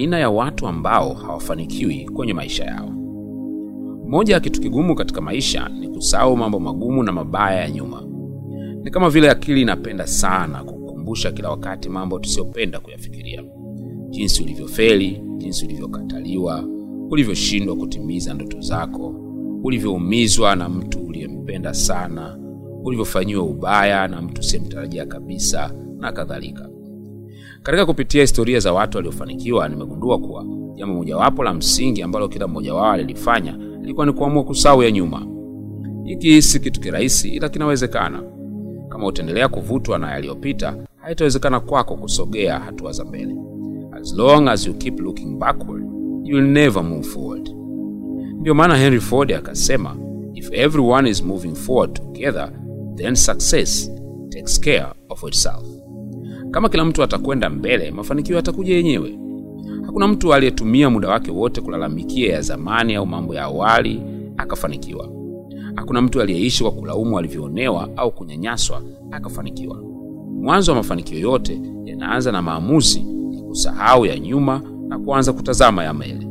aina ya watu ambao hawafanikiwi kwenye maisha yao. Moja ya kitu kigumu katika maisha ni kusahau mambo magumu na mabaya ya nyuma. Ni kama vile akili inapenda sana kukumbusha kila wakati mambo tusiyopenda kuyafikiria: jinsi ulivyofeli, jinsi ulivyokataliwa, ulivyoshindwa kutimiza ndoto zako, ulivyoumizwa na mtu uliyempenda sana, ulivyofanyiwa ubaya na mtu usiyemtarajia kabisa, na kadhalika. Katika kupitia historia za watu waliofanikiwa, nimegundua kuwa jambo mojawapo la msingi ambalo kila mmoja wao alilifanya ilikuwa ni kuamua kusahau ya nyuma. Hiki si kitu kirahisi, ila kinawezekana. Kama utaendelea kuvutwa na yaliyopita, haitawezekana kwako kusogea hatua za mbele. As long as you keep looking backward, will never move forward. Ndiyo maana Henry Ford akasema, if everyone is moving forward together, then success takes care of itself. Kama kila mtu atakwenda mbele, mafanikio yatakuja yenyewe. Hakuna mtu aliyetumia muda wake wote kulalamikia ya zamani au mambo ya awali akafanikiwa. Hakuna mtu aliyeishi kwa kulaumu alivyoonewa au kunyanyaswa akafanikiwa. Mwanzo wa mafanikio yote yanaanza na maamuzi ya kusahau ya nyuma na kuanza kutazama ya mbele.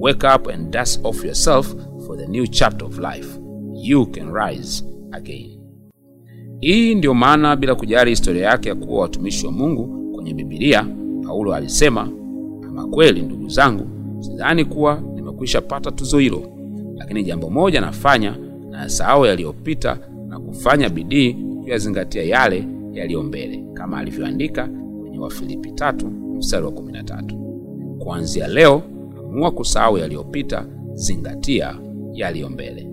Wake up and dust off yourself for the new chapter of life. You can rise again. Hii ndiyo maana bila kujali historia yake ya kuwa watumishi wa Mungu kwenye Biblia, Paulo alisema, kama kweli ndugu zangu, sidhani kuwa nimekwisha pata tuzo hilo, lakini jambo moja nafanya, sahau yaliyopita na kufanya bidii kuyazingatia yale yaliyo mbele, kama alivyoandika kwenye Wafilipi 3 mstari wa 13. Kuanzia leo, amua kusahau yaliyopita, zingatia yaliyo mbele.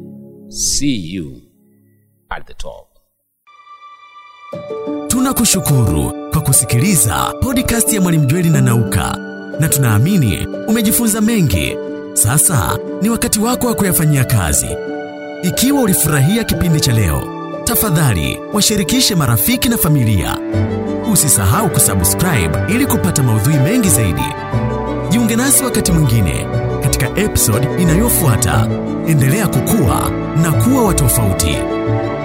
See you at the top. Tunakushukuru kwa kusikiliza podcast ya Mwalimu Jweli na Nauka, na tunaamini umejifunza mengi. Sasa ni wakati wako wa kuyafanyia kazi. Ikiwa ulifurahia kipindi cha leo, tafadhali washirikishe marafiki na familia. Usisahau kusubscribe ili kupata maudhui mengi zaidi. Jiunge nasi wakati mwingine katika episode inayofuata. Endelea kukua na kuwa watofauti tofauti.